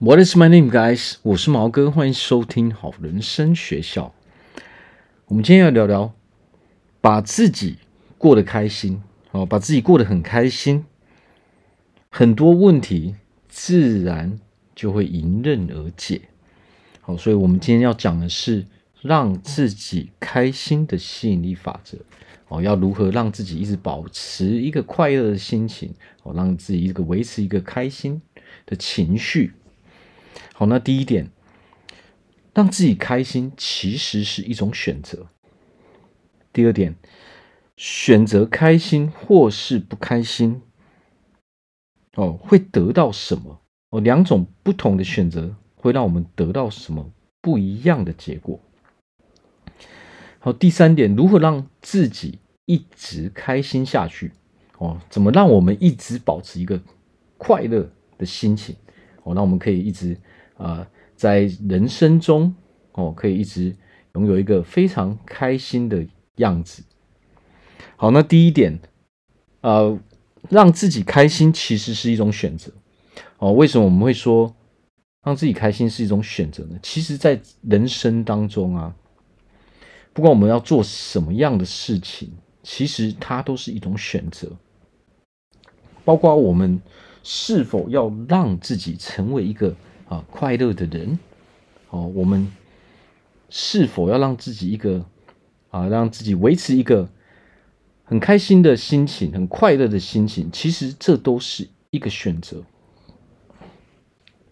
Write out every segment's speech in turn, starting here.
What is my name, guys？我是毛哥，歡迎收聽好人生學校。我們今天要聊聊，把自己過得開心，哦，把自己過得很開心，很多問題自然就會迎刃而解。好，所以我們今天要講的是讓自己開心的吸引力法則。哦，要如何讓自己一直保持一個快樂的心情？哦，讓自己一個維持一個開心的情緒。好，那第一點，讓自己開心其實是一種選擇。第二點，選擇開心或是不開心，哦，會得到什麼？哦，兩種不同的選擇會讓我們得到什麼不一樣的結果？好，哦，第三點，如何讓自己一直開心下去？哦，怎麼讓我們一直保持一個快樂的心情？哦，那我們可以一直，啊、呃，在人生中哦，可以一直擁有一個非常開心的樣子。好，那第一點，呃，讓自己開心其實是一種選擇哦。為什麼我們會說讓自己開心是一種選擇呢？其實，在人生當中啊，不管我們要做什麼樣的事情，其實它都是一種選擇。包括我們是否要讓自己成為一個。啊，快樂的人，哦，我們是否要讓自己一個啊，讓自己維持一個很開心的心情，很快樂的心情？其實這都是一個選擇。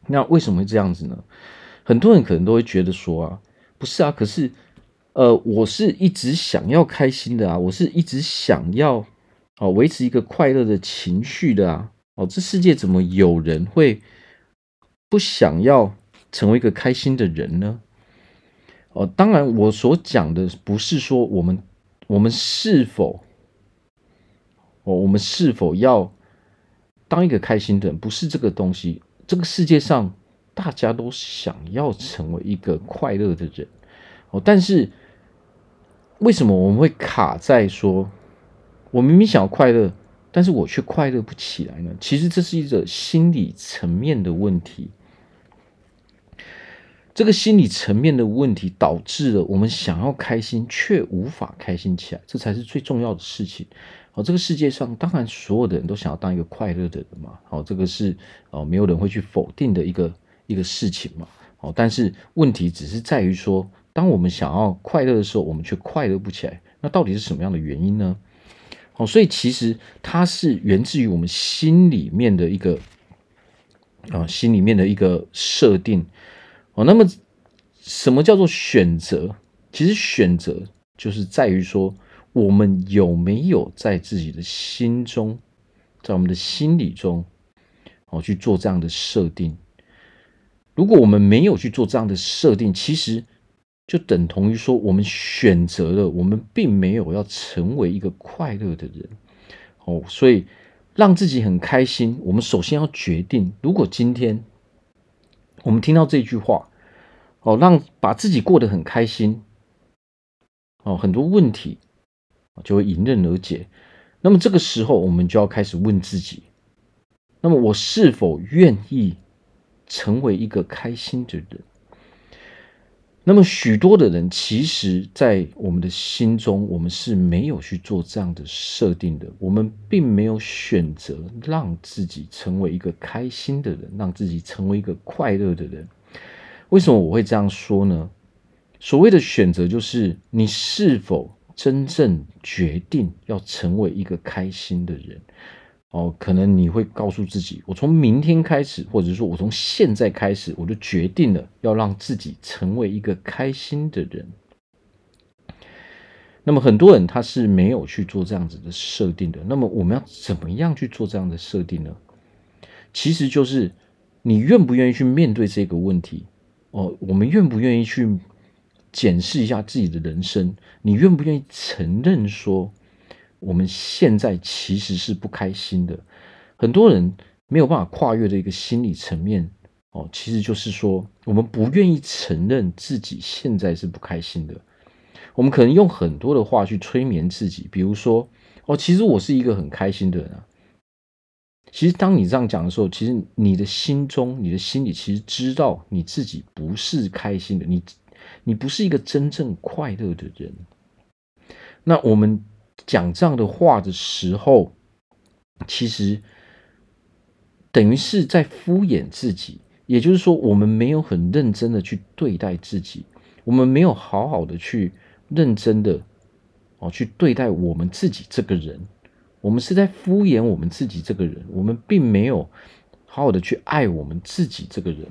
那為什麼會這樣子呢？很多人可能都會覺得說啊，不是啊，可是，呃，我是一直想要開心的啊，我是一直想要啊，維持一個快樂的情緒的啊，哦、啊，這世界怎麼有人會？不想要成為一個開心的人呢？哦，當然，我所講的不是說我們，我們是否，哦，我們是否要當一個開心的人？不是這個東西。這個世界上，大家都想要成為一個快樂的人。哦，但是為什麼我們會卡在說，我明明想要快樂，但是我卻快樂不起來呢？其實這是一個心理層面的問題。這個心理層面的問題導致了我們想要開心卻無法開心起來，這才是最重要的事情。好，這個世界上當然所有的人都想要當一個快樂的人嘛。好，這個是哦，沒有人會去否定的一個一個事情嘛。好，但是問題只是在於說，當我們想要快樂的時候，我們卻快樂不起來。那到底是什麼樣的原因呢？哦，所以其實它是源自於我們心裡面的一個啊，心裡面的一個設定。哦，那麼什麼叫做選擇？其實選擇就是在於說，我們有沒有在自己的心中，在我們的心理中，哦去做這樣的設定。如果我們沒有去做這樣的設定，其實。就等同於說，我們選擇了，我們並沒有要成為一個快樂的人哦。所以，讓自己很開心，我們首先要決定，如果今天我們聽到這句話，哦，讓把自己過得很開心，哦，很多問題就會迎刃而解。那麼這個時候，我們就要開始問自己，那麼我是否願意成為一個開心的人？那麼許多的人，其實，在我們的心中，我們是沒有去做這樣的設定的。我們並沒有選擇讓自己成為一個開心的人，讓自己成為一個快樂的人。為什麼我會這樣說呢？所謂的選擇，就是你是否真正決定要成為一個開心的人。哦，可能你會告訴自己，我從明天開始，或者說我從現在開始，我就決定了要讓自己成為一個開心的人。那麼很多人他是沒有去做這樣子的設定的。那麼我們要怎麼樣去做這樣的設定呢？其實就是你願不願意去面對這個問題？哦，我們願不願意去檢視一下自己的人生？你願不願意承認說？我們現在其實是不開心的，很多人沒有辦法跨越的一個心理層面哦，其實就是說我們不願意承認自己現在是不開心的。我們可能用很多的話去催眠自己，比如說哦，其實我是一個很開心的人啊。其實當你這樣講的時候，其實你的心中、你的心裡其實知道你自己不是開心的，你你不是一個真正快樂的人。那我們。講這樣的話的時候，其實等於是在敷衍自己。也就是說，我們沒有很認真的去對待自己，我們沒有好好的去認真的哦去對待我們自己這個人。我們是在敷衍我們自己這個人，我們並沒有好好的去愛我們自己這個人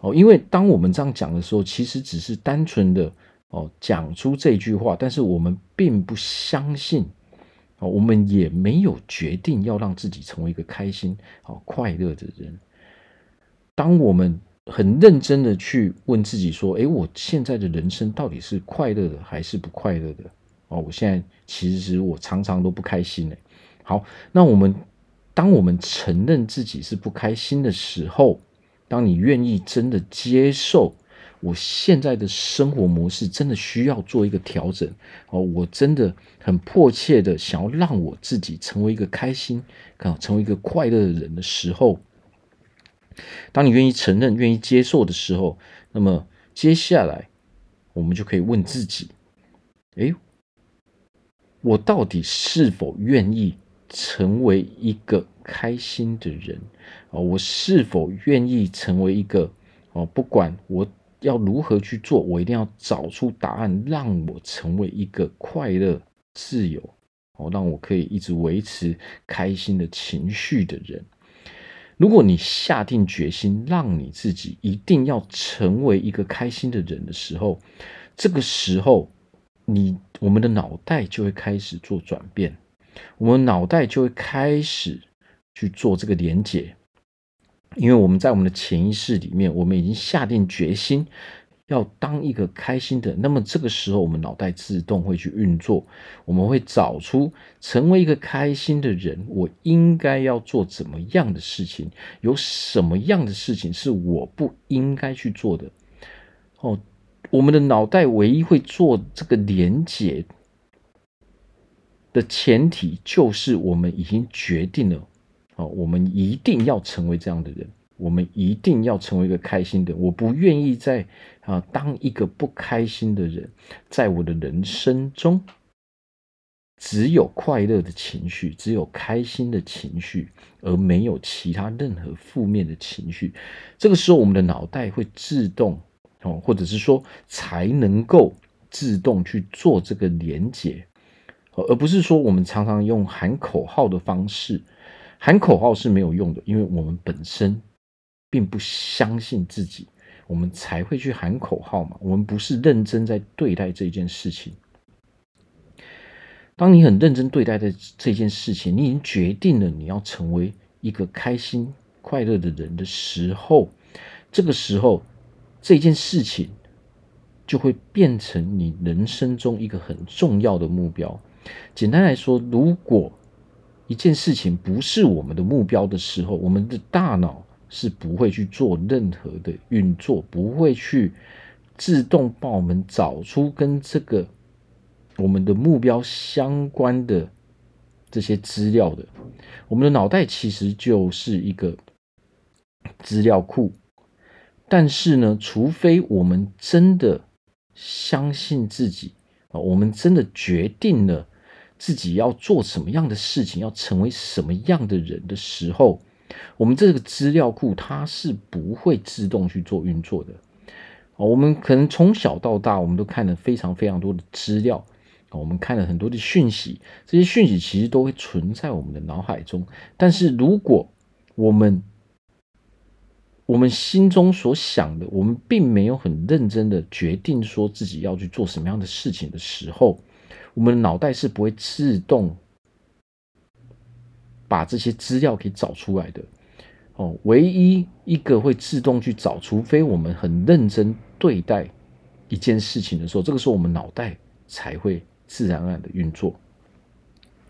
哦。因為當我們這樣講的時候，其實只是單純的。哦，講出這句話，但是我們並不相信，哦，我們也沒有決定要讓自己成為一個開心、哦、快樂的人。當我們很認真的去問自己說：“哎、欸，我現在的人生到底是快樂的還是不快樂的？”哦，我現在其實我常常都不開心。好，那我們當我們承認自己是不開心的時候，當你願意真的接受。我現在的生活模式真的需要做一個調整哦，我真的很迫切的想要讓我自己成為一個開心，啊，成為一個快樂的人的時候。當你願意承認、願意接受的時候，那麼接下來我們就可以問自己，誒。我到底是否願意成為一個開心的人？啊，我是否願意成為一個？哦，不管我。要如何去做？我一定要找出答案，讓我成為一個快樂、自由，好讓我可以一直維持開心的情緒的人。如果你下定決心，讓你自己一定要成為一個開心的人的時候，這個時候，你我們的腦袋就會開始做轉變，我們腦袋就會開始去做這個連結。因為我們在我們的潛意識裡面，我們已經下定決心要當一個開心的。那麼這個時候，我們腦袋自動會去運作，我們會找出成為一個開心的人，我應該要做怎麼樣的事情，有什麼樣的事情是我不應該去做的。哦，我們的腦袋唯一會做這個連結的前提，就是我們已經決定了。好，我們一定要成為這樣的人。我們一定要成為一個開心的人。我不願意再啊當一個不開心的人，在我的人生中，只有快樂的情緒，只有開心的情緒，而沒有其他任何負面的情緒。這個時候，我們的腦袋會自動哦，或者是說才能夠自動去做這個連結，而不是說我們常常用喊口號的方式。喊口號是沒有用的，因為我們本身並不相信自己，我們才會去喊口號嘛。我們不是認真在對待這件事情。當你很認真對待的這件事情，你已經決定了你要成為一個開心快樂的人的時候，這個時候，這件事情就會變成你人生中一個很重要的目標。簡單來說，如果。一件事情不是我們的目標的時候，我們的大腦是不會去做任何的運作，不會去自動幫我們找出跟這個我們的目標相關的這些資料的。我們的腦袋其實就是一個資料庫，但是呢，除非我們真的相信自己啊，我們真的決定了。自己要做什麼樣的事情，要成為什麼樣的人的時候，我們這個資料庫它是不會自動去做運作的。我們可能從小到大，我們都看了非常非常多的資料，我們看了很多的訊息，這些訊息其實都會存在我們的腦海中。但是，如果我們我們心中所想的，我們並沒有很認真的決定說自己要去做什麼樣的事情的時候。我們的腦袋是不會自動把這些資料給找出來的哦。唯一一個會自動去找，除非我們很認真對待一件事情的時候，這個時候我們腦袋才會自然而然的運作。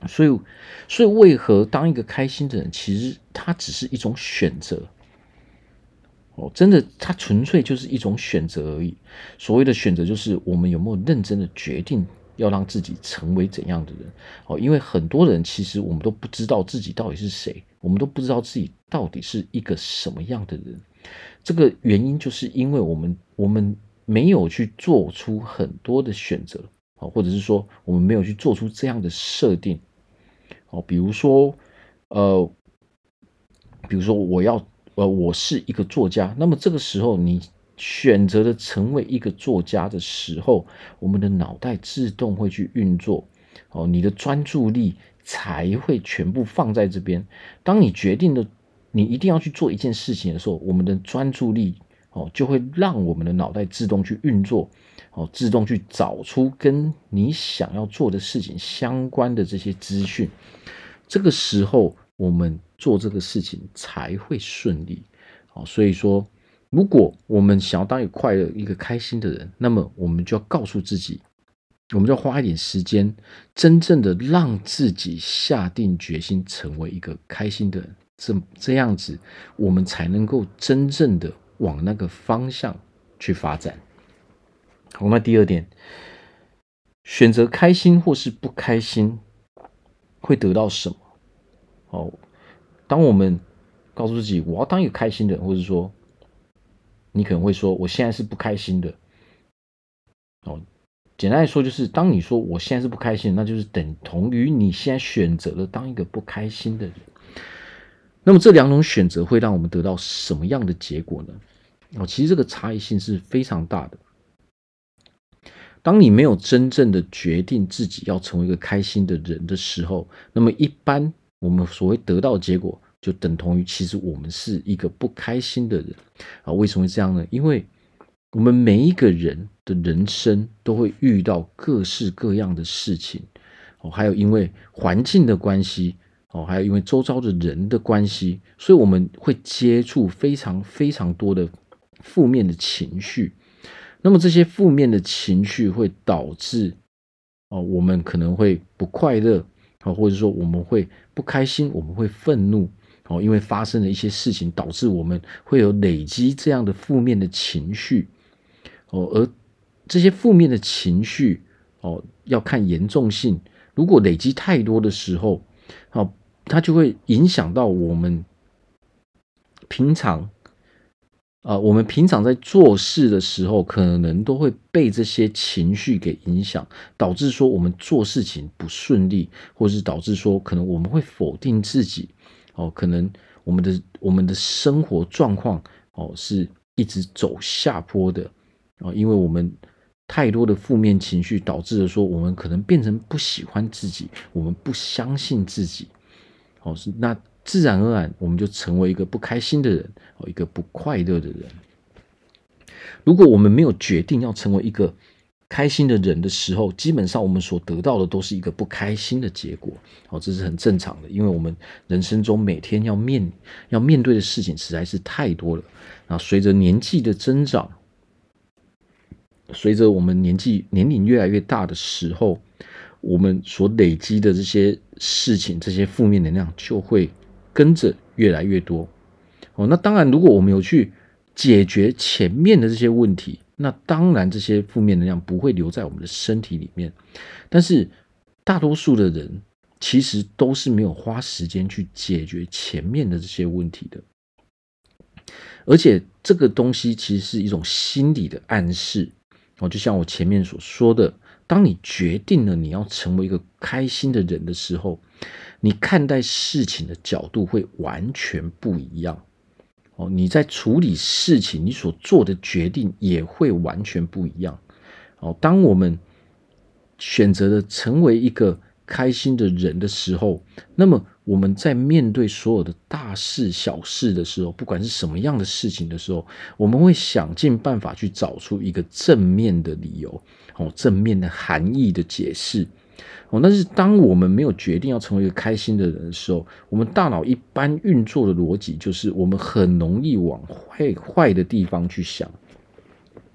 所以，所以為何當一個開心的人，其實他只是一種選擇哦，真的，他純粹就是一種選擇而已。所謂的選擇，就是我們有沒有認真的決定。要讓自己成為怎樣的人？哦，因為很多人其實我們都不知道自己到底是誰，我們都不知道自己到底是一個什麼樣的人。這個原因就是因為我們我們沒有去做出很多的選擇，哦，或者是說我們沒有去做出這樣的設定。哦，比如說，呃，比如說我要，呃，我是一個作家，那麼這個時候你選擇了成為一個作家的時候，我們的腦袋自動會去運作，哦，你的專注力才會全部放在這邊。當你決定的，你一定要去做一件事情的時候，我們的專注力，哦，就會讓我們的腦袋自動去運作，哦，自動去找出跟你想要做的事情相關的這些資訊。這個時候，我們做這個事情才會順利。哦，所以說。如果我們想要當一個快樂、一個開心的人，那麼我們就要告訴自己，我們就花一點時間，真正的讓自己下定決心成為一個開心的人。這這樣子，我們才能夠真正的往那個方向去發展。我們第二點，選擇開心或是不開心，會得到什麼？哦，當我們告訴自己，我要當一個開心的人，或者說。你可能會說，我現在是不開心的。哦，簡單來說，就是當你說我現在是不開心的，那就是等同於你現在選擇了當一個不開心的人。那麼這兩種選擇會讓我們得到什麼樣的結果呢？哦，其實這個差異性是非常大的。當你沒有真正的決定自己要成為一個開心的人的時候，那麼一般我們所謂得到結果。就等同於，其實我們是一個不開心的人啊？為什麼會這樣呢？因為我們每一個人的人生都會遇到各式各樣的事情哦，還有因為環境的關係哦，還有因為周遭的人的關係，所以我們會接觸非常非常多的負面的情緒。那麼這些負面的情緒會導致哦，我們可能會不快樂啊，或者說我們會不開心，我們會憤怒。哦，因為發生了一些事情，導致我們會有累積這樣的負面的情緒。哦，而這些負面的情緒，哦，要看嚴重性。如果累積太多的時候，哦，它就會影響到我們平常啊，我們平常在做事的時候，可能都會被這些情緒給影響，導致說我們做事情不順利，或是導致說可能我們會否定自己。哦，可能我們的我們的生活狀況哦，是一直走下坡的啊，哦，因為我們太多的負面情緒導致了說我們可能變成不喜歡自己，我們不相信自己，哦，是，那自然而然我們就成為一個不開心的人，哦，一個不快樂的人。如果我們沒有決定要成為一個。開心的人的時候，基本上我們所得到的都是一個不開心的結果。哦，這是很正常的，因為我們人生中每天要面要面對的事情實在是太多了。啊，隨着年紀的增長，隨着我們年紀年齡越來越大的時候，我們所累積的這些事情，這些負面能量就會跟着越來越多。哦，那當然，如果我們有去解決前面的這些問題，那當然，這些負面能量不會留在我們的身體裡面，但是大多數的人其實都是沒有花時間去解決前面的這些問題的，而且這個東西其實是一種心理的暗示哦，就像我前面所說的，當你決定了你要成為一個開心的人的時候，你看待事情的角度會完全不一樣。哦，你在處理事情，你所做的決定也會完全不一樣。哦，當我們選擇了成為一個開心的人的時候，那麼我們在面對所有的大事小事的時候，不管是什麼樣的事情的時候，我們會想盡辦法去找出一個正面的理由，哦，正面的含義的解釋。但是當我們沒有決定要成為一個開心的人的時候，我們大腦一般運作的邏輯就是我們很容易往壞壞的地方去想，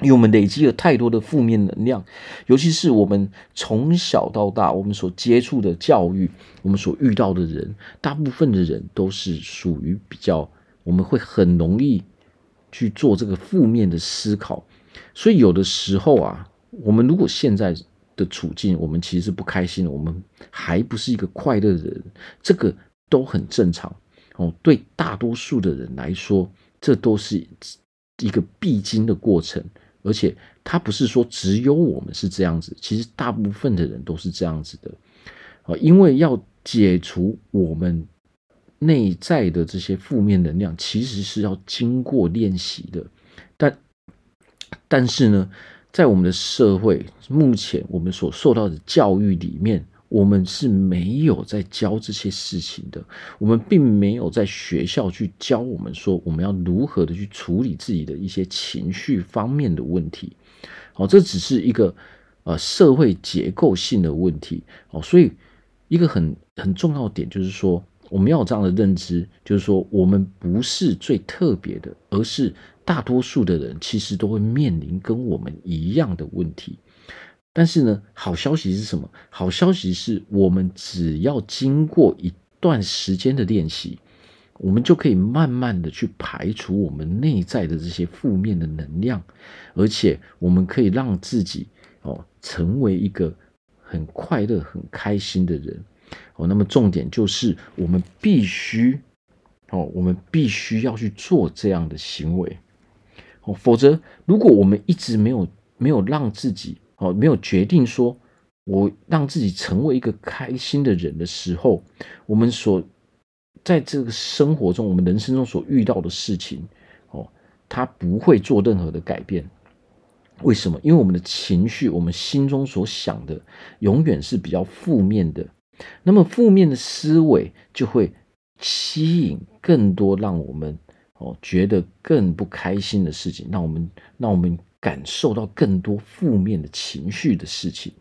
因為我們累積了太多的負面能量，尤其是我們從小到大我們所接觸的教育，我們所遇到的人，大部分的人都是屬於比較，我們會很容易去做這個負面的思考，所以有的時候啊，我們如果現在。的、這個、處境，我們其實是不開心，我們還不是一個快樂的人，這個都很正常哦。對大多數的人來說，這都是一個必經的過程，而且他不是說只有我們是這樣子，其實大部分的人都是這樣子的。哦，因為要解除我們內在的這些負面能量，其實是要經過練習的，但但是呢，在我們的社會目前，我們所受到的教育裡面，我們是沒有在教這些事情的。我們並沒有在學校去教我們說，我們要如何的去處理自己的一些情緒方面的問題。好，這只是一個呃社會結構性的問題。好，所以一個很很重要的點就是說，我們要有這樣的認知，就是說，我們不是最特別的，而是。大多數的人其實都會面臨跟我們一樣的問題，但是呢，好消息是什麼？好消息是我們只要經過一段時間的練習，我們就可以慢慢的去排除我們內在的這些負面的能量，而且我們可以讓自己哦成為一個很快樂、很開心的人。哦，那麼重點就是我們必須哦，我們必須要去做這樣的行為。否則，如果我們一直沒有沒有讓自己哦，沒有決定說，我讓自己成為一個開心的人的時候，我們所在這個生活中，我們人生中所遇到的事情哦，它不會做任何的改變。為什麼？因為我們的情緒，我們心中所想的永遠是比較負面的。那麼負面的思維就會吸引更多，讓我們。哦，覺得更不開心的事情，讓我們讓我們感受到更多負面的情緒的事情，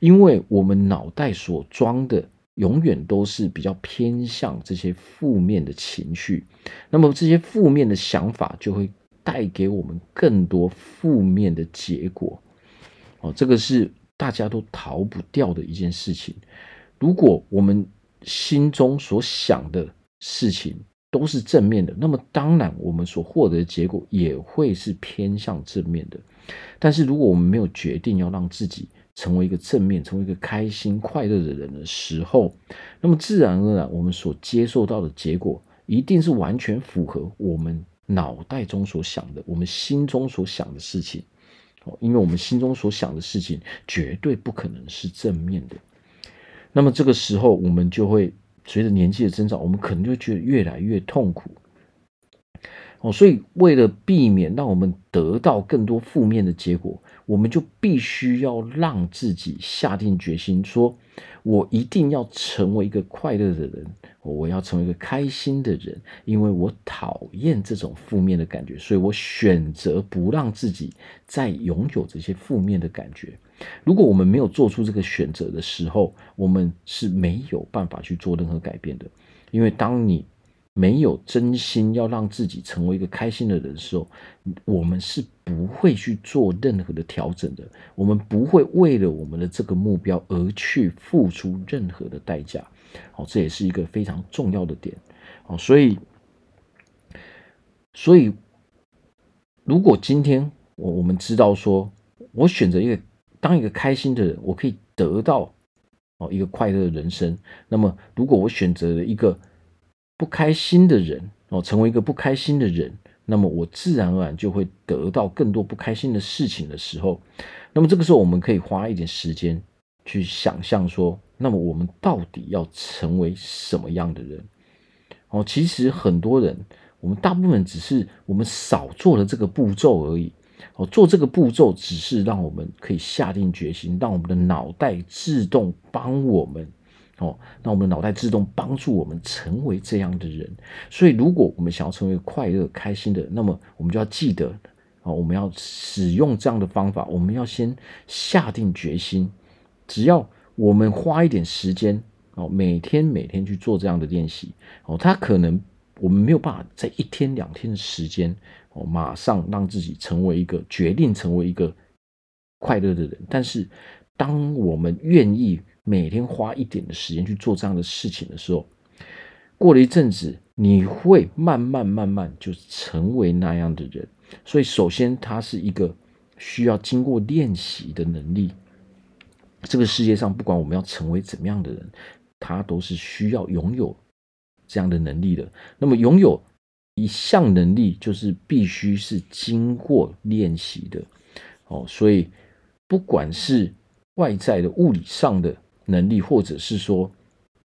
因為我們腦袋所裝的永遠都是比較偏向這些負面的情緒，那麼這些負面的想法就會帶給我們更多負面的結果。哦，這個是大家都逃不掉的一件事情。如果我們心中所想的事情，都是正面的，那麼當然我們所獲得的結果也會是偏向正面的。但是如果我們沒有決定要讓自己成為一個正面、成為一個開心快樂的人的時候，那麼自然而然我們所接受到的結果一定是完全符合我們腦袋中所想的、我們心中所想的事情。因為我們心中所想的事情絕對不可能是正面的。那麼這個時候我們就會，隨着年紀的增長，我們可能就會覺得越來越痛苦。哦，所以為了避免讓我們得到更多負面的結果，我們就必須要讓自己下定決心說，我一定要成為一個快樂的人，我要成為一個開心的人，因為我討厭這種負面的感覺，所以我選擇不讓自己再擁有這些負面的感覺。如果我們沒有做出這個選擇的時候，我們是沒有辦法去做任何改變的。因為當你沒有真心要讓自己成為一個開心的人的時候，我們是不會去做任何的調整的。我們不會為了我們的這個目標而去付出任何的代價。好，這也是一個非常重要的點。好，所以，所以如果今天我我們知道說，我選擇一個。當一個開心的人，我可以得到哦一個快樂的人生。那麼，如果我選擇了一個不開心的人哦，成為一個不開心的人，那麼我自然而然就會得到更多不開心的事情的時候。那麼，這個時候我們可以花一點時間去想象說，那麼我們到底要成為什麼樣的人？哦，其實很多人，我們大部分只是我們少做了這個步驟而已。哦，做這個步驟只是讓我們可以下定決心，讓我們的腦袋自動幫我們哦，讓我們的腦袋自動幫助我們成為這樣的人。所以，如果我們想要成為快樂、開心的人，那麼我們就要記得哦，我們要使用這樣的方法。我們要先下定決心，只要我們花一點時間哦，每天每天去做這樣的練習哦，它可能我們沒有辦法在一天兩天的時間。我馬上讓自己成為一個決定成為一個快樂的人。但是，當我們願意每天花一點的時間去做這樣的事情的時候，過了一陣子，你會慢慢慢慢就成為那樣的人。所以，首先他是一個需要經過練習的能力。這個世界上，不管我們要成為怎麼樣的人，他都是需要擁有這樣的能力的。那麼，擁有。一項能力就是必須是經過練習的，哦，所以不管是外在的物理上的能力，或者是說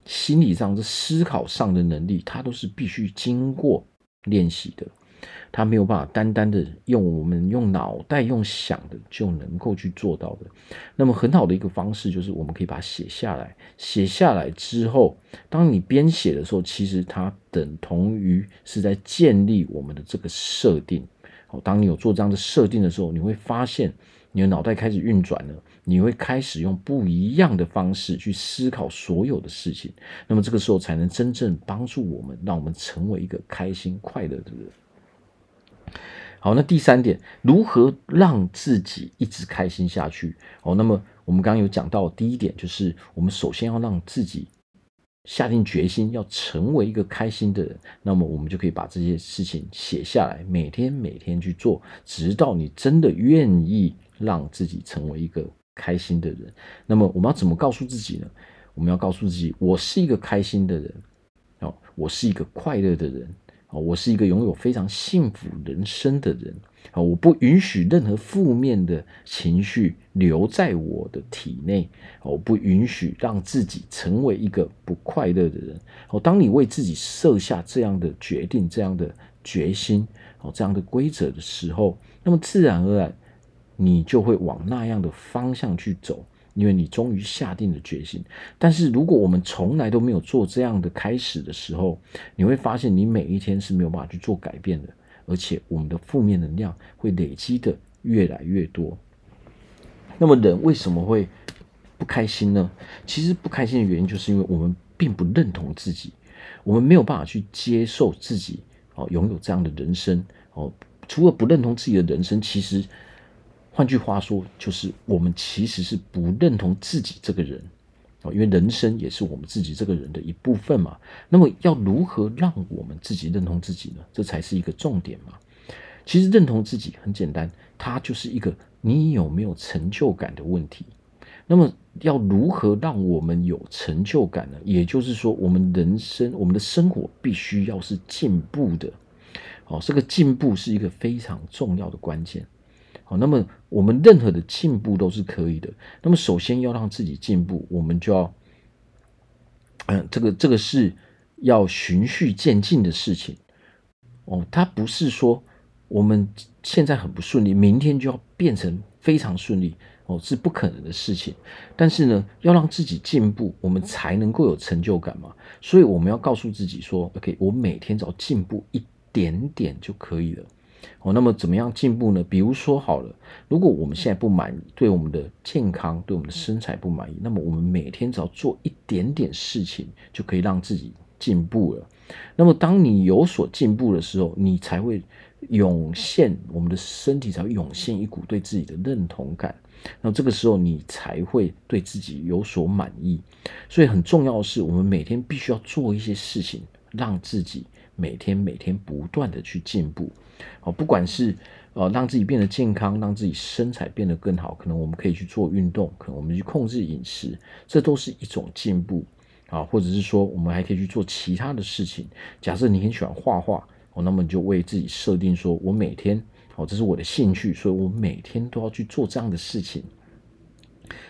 心理上的思考上的能力，它都是必須經過練習的。它沒有辦法單單的用我們用腦袋用想的就能夠去做到的。那麼很好的一個方式就是我們可以把它寫下來。寫下來之後，當你編寫的時候，其實它等同於是在建立我們的這個設定。好，當你有做這樣的設定的時候，你會發現你的腦袋開始運轉了，你會開始用不一樣的方式去思考所有的事情。那麼這個時候才能真正幫助我們，讓我們成為一個開心快樂的人。好，那第三點，如何讓自己一直開心下去？好，那麼我們剛剛有講到，第一點就是，我們首先要讓自己下定決心要成為一個開心的人。那麼，我們就可以把這些事情寫下來，每天每天去做，直到你真的願意讓自己成為一個開心的人。那麼，我們要怎麼告訴自己呢？我們要告訴自己，我是一個開心的人，哦，我是一個快樂的人。哦，我是一個擁有非常幸福人生的人。啊，我不允許任何負面的情緒留在我的體內。我不允許讓自己成為一個不快樂的人。哦，當你為自己設下這樣的決定、這樣的決心、哦這樣的規則的時候，那麼自然而然，你就會往那樣的方向去走。因為你終於下定了決心，但是如果我們從來都沒有做這樣的開始的時候，你會發現你每一天是沒有辦法去做改變的，而且我們的負面能量會累積的越來越多。那麼人為什麼會不開心呢？其實不開心的原因就是因為我們並不認同自己，我們沒有辦法去接受自己。哦，擁有這樣的人生。哦，除了不認同自己的人生，其實。換句話說，就是我們其實是不認同自己這個人，哦，因為人生也是我們自己這個人的一部分嘛。那麼，要如何讓我們自己認同自己呢？這才是一個重點嘛。其實，認同自己很簡單，它就是一個你有沒有成就感的問題。那麼，要如何讓我們有成就感呢？也就是說，我們人生、我們的生活，必須要是進步的。哦，這個進步是一個非常重要的關鍵。哦，那麼我們任何的進步都是可以的。那麼首先要讓自己進步，我們就要，嗯、呃，這個這個是要循序漸進的事情。哦，它不是說我們現在很不順利，明天就要變成非常順利哦，是不可能的事情。但是呢，要讓自己進步，我們才能夠有成就感嘛。所以我們要告訴自己說，OK，我每天只要進步一點點就可以了。哦，那麼怎麼樣進步呢？比如說好了，如果我們現在不滿意，對我們的健康、對我們的身材不滿意，那麼我們每天只要做一點點事情，就可以讓自己進步了。那麼當你有所進步的時候，你才會湧現，我們的身體才會湧現一股對自己的認同感。那這個時候你才會對自己有所滿意。所以很重要的是，我們每天必須要做一些事情，讓自己。每天每天不斷的去進步，啊，不管是呃讓自己變得健康，讓自己身材變得更好，可能我們可以去做運動，可能我們去控制飲食，這都是一種進步啊，或者是說我們還可以去做其他的事情。假設你很喜歡畫畫，哦，那麼你就為自己設定說，我每天，哦，這是我的興趣，所以我每天都要去做這樣的事情。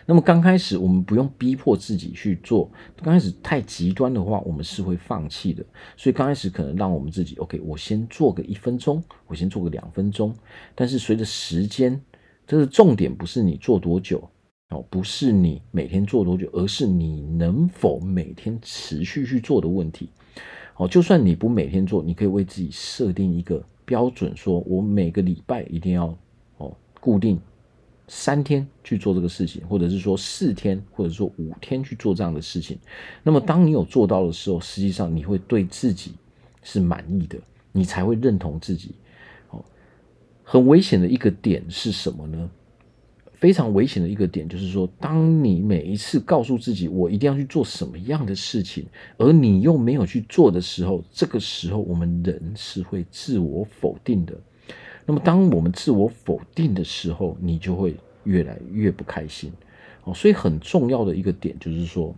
那麼剛開始，我們不用逼迫自己去做。剛開始太極端的話，我們是會放棄的。所以剛開始可能讓我們自己，OK，我先做個一分鐘，我先做個兩分鐘。但是隨着時間，這個重點不是你做多久，哦，不是你每天做多久，而是你能否每天持續去做的問題。哦，就算你不每天做，你可以為自己設定一個標準說，說我每個禮拜一定要哦固定。三天去做這個事情，或者是說四天，或者說五天去做這樣的事情。那麼，當你有做到的時候，實際上你會對自己是滿意的，你才會認同自己。哦，很危險的一個點是什麼呢？非常危險的一個點就是說，當你每一次告訴自己我一定要去做什麼樣的事情，而你又沒有去做的時候，這個時候我們人是會自我否定的。那麼，當我們自我否定的時候，你就會越來越不開心。哦，所以很重要的一個點就是說，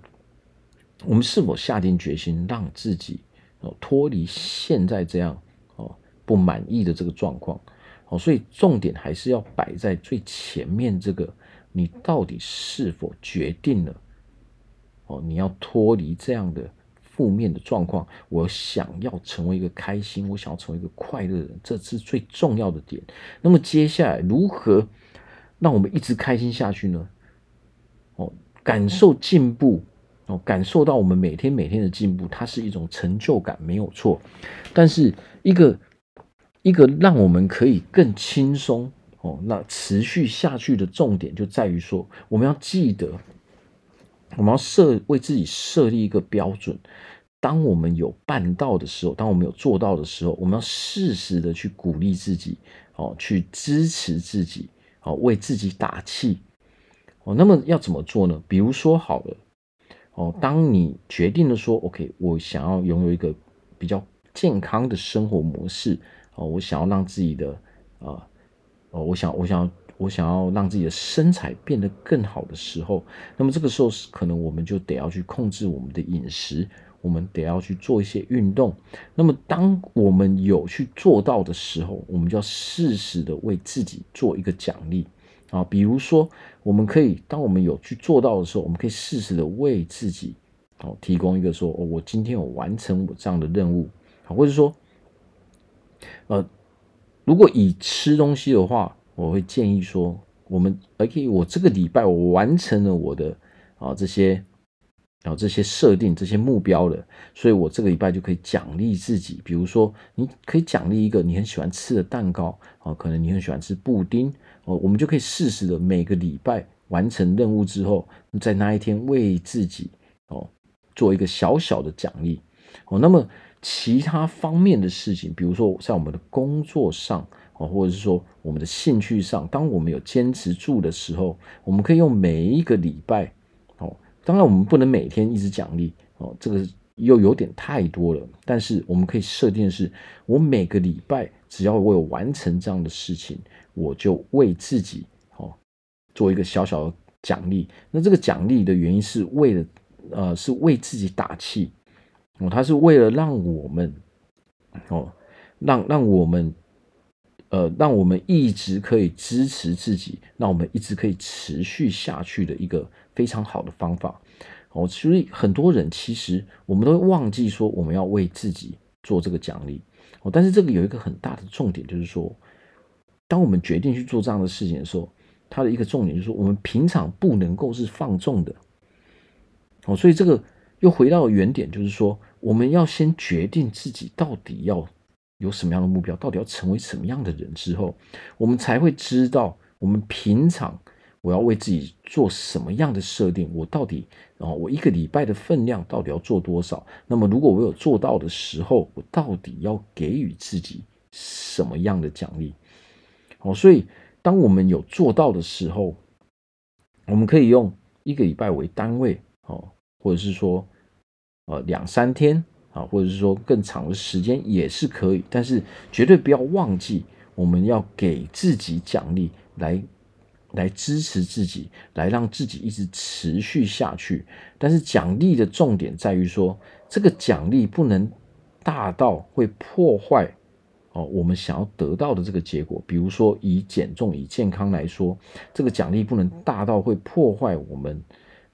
我們是否下定決心讓自己哦脫離現在這樣哦不滿意的這個狀況。哦，所以重點還是要擺在最前面這個，你到底是否決定了哦你要脫離這樣的。負面的狀況，我想要成為一個開心，我想要成為一個快樂的人，這是最重要的點。那麼接下來如何讓我們一直開心下去呢？哦，感受進步，哦，感受到我們每天每天的進步，它是一種成就感，沒有錯。但是一個一個讓我們可以更輕鬆哦，那持續下去的重點就在於說，我們要記得。我們要設，為自己設立一個標準，當我們有辦到的時候，當我們有做到的時候，我們要適時的去鼓勵自己，哦，去支持自己，哦，為自己打氣。哦，那麼要怎麼做呢？比如說好了，哦，當你決定了說，OK，我想要擁有一個比較健康的生活模式，哦，我想要讓自己的，啊、呃哦，我想，我想要。我想要讓自己的身材變得更好的時候，那麼這個時候是可能我們就得要去控制我們的飲食，我們得要去做一些運動。那麼當我們有去做到的時候，我們就要適時的為自己做一個獎勵啊，比如說我們可以，當我們有去做到的時候，我們可以適時的為自己哦提供一個說哦，我今天有完成我這樣的任務啊，或者說呃，如果以吃東西的話。我會建議說，我們 OK，我這個禮拜我完成了我的啊、哦、這些啊、哦、這些設定這些目標了，所以我這個禮拜就可以獎勵自己。比如說，你可以獎勵一個你很喜歡吃的蛋糕啊、哦，可能你很喜歡吃布丁哦，我們就可以適時的。每個禮拜完成任務之後，在那一天為自己哦做一個小小的獎勵哦。那麼其他方面的事情，比如說在我們的工作上。或者是說我們的興趣上，當我們有堅持住的時候，我們可以用每一個禮拜哦。當然，我們不能每天一直獎勵哦，這個又有點太多了。但是我們可以設定的是，我每個禮拜只要我有完成這樣的事情，我就為自己哦做一個小小的獎勵。那這個獎勵的原因是，為了呃，是為自己打氣哦，它是為了讓我們哦，讓讓我們。呃，讓我們一直可以支持自己，讓我們一直可以持續下去的一個非常好的方法。哦，所以很多人其實我們都會忘記說我們要為自己做這個獎勵。哦，但是這個有一個很大的重點，就是說，當我們決定去做這樣的事情的時候，它的一個重點就是說，我們平常不能夠是放縱的。哦，所以這個又回到了原點，就是說，我們要先決定自己到底要。有什麼樣的目標，到底要成為什麼樣的人之後，我們才會知道我們平常我要為自己做什麼樣的設定。我到底啊，我一個禮拜的分量到底要做多少？那麼，如果我有做到的時候，我到底要給予自己什麼樣的獎勵？哦，所以當我們有做到的時候，我們可以用一個禮拜為單位哦，或者是說呃兩三天。啊，或者是說更長的時間也是可以，但是絕對不要忘記，我們要給自己獎勵來，來來支持自己，來讓自己一直持續下去。但是獎勵的重點在於說，這個獎勵不能大到會破壞哦我們想要得到的這個結果。比如說以減重、以健康來說，這個獎勵不能大到會破壞我們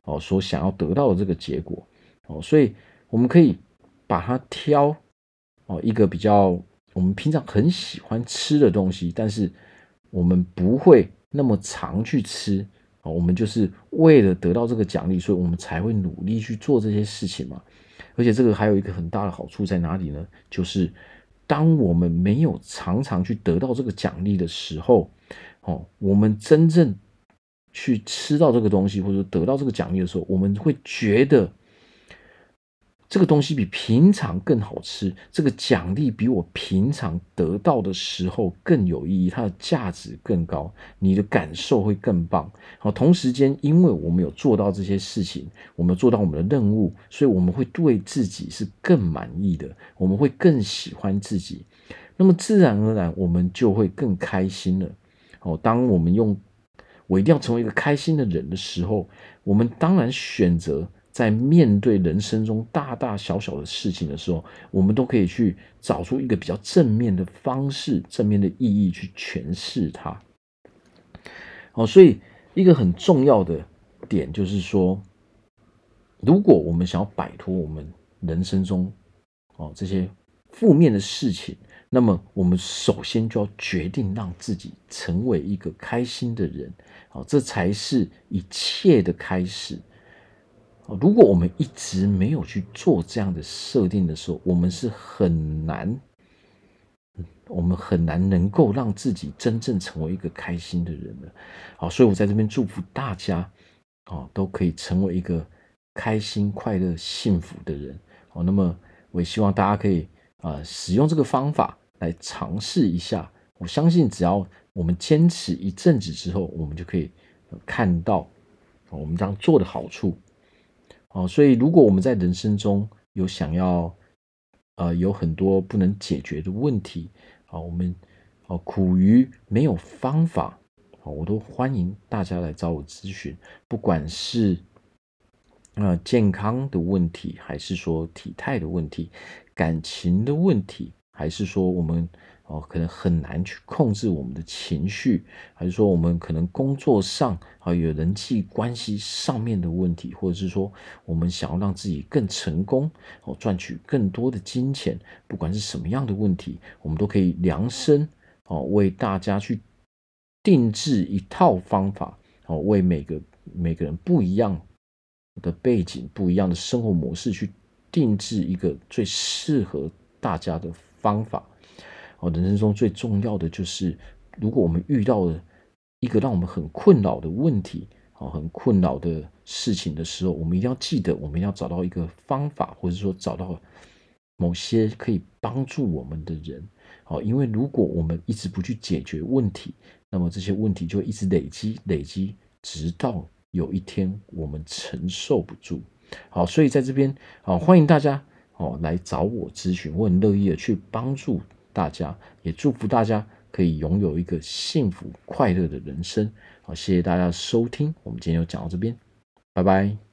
哦所想要得到的這個結果哦。所以我們可以。把它挑哦，一個比較我們平常很喜歡吃的東西，但是我們不會那麼常去吃啊，我們就是為了得到這個獎勵，所以我們才會努力去做這些事情嘛。而且這個還有一個很大的好處在哪裡呢？就是當我們沒有常常去得到這個獎勵的時候，哦，我們真正去吃到這個東西或者得到這個獎勵的時候，我們會覺得。這個東西比平常更好吃，這個獎勵比我平常得到的時候更有意義，它的價值更高，你的感受會更棒。好，同時間，因為我們有做到這些事情，我們做到我們的任務，所以我們會對自己是更滿意的，我們會更喜歡自己，那麼自然而然我們就會更開心了。哦，當我們用我一定要成為一個開心的人的時候，我們當然選擇。在面對人生中大大小小的事情的時候，我們都可以去找出一個比較正面的方式、正面的意義去詮釋它。哦，所以一個很重要的點就是說，如果我們想要擺脫我們人生中哦這些負面的事情，那麼我們首先就要決定讓自己成為一個開心的人。哦，這才是一切的開始。如果我們一直沒有去做這樣的設定的時候，我們是很難，我們很難能夠讓自己真正成為一個開心的人的。好，所以我在這邊祝福大家，啊，都可以成為一個開心、快樂、幸福的人。好，那麼我也希望大家可以啊、呃，使用這個方法來嘗試一下。我相信，只要我們堅持一陣子之後，我們就可以看到我們這樣做的好處。哦，所以如果我們在人生中有想要，呃，有很多不能解決的問題，啊，哦，我們哦苦於沒有方法，哦，我都歡迎大家來找我諮詢，不管是呃健康的問題，還是說體態的問題，感情的問題，還是說我們。哦，可能很難去控制我們的情緒，還是說我們可能工作上還有人際關係上面的問題，或者是說我們想要讓自己更成功，哦，賺取更多的金錢，不管是什麼樣的問題，我們都可以量身，哦，為大家去定制一套方法，哦，為每個每個人不一樣的背景、不一樣的生活模式去定制一個最適合大家的方法。我人生中最重要的就是，如果我們遇到了一個讓我們很困擾的問題，好，很困擾的事情的時候，我們一定要記得，我們要找到一個方法，或者說找到某些可以幫助我們的人，好，因為如果我們一直不去解決問題，那麼這些問題就一直累積累積，直到有一天我們承受不住。好，所以在這邊，啊歡迎大家，哦，來找我諮詢，我很樂意的去幫助。大家，也祝福大家可以擁有一個幸福快樂的人生。好，謝謝大家收聽，我們今天就講到這邊，拜拜。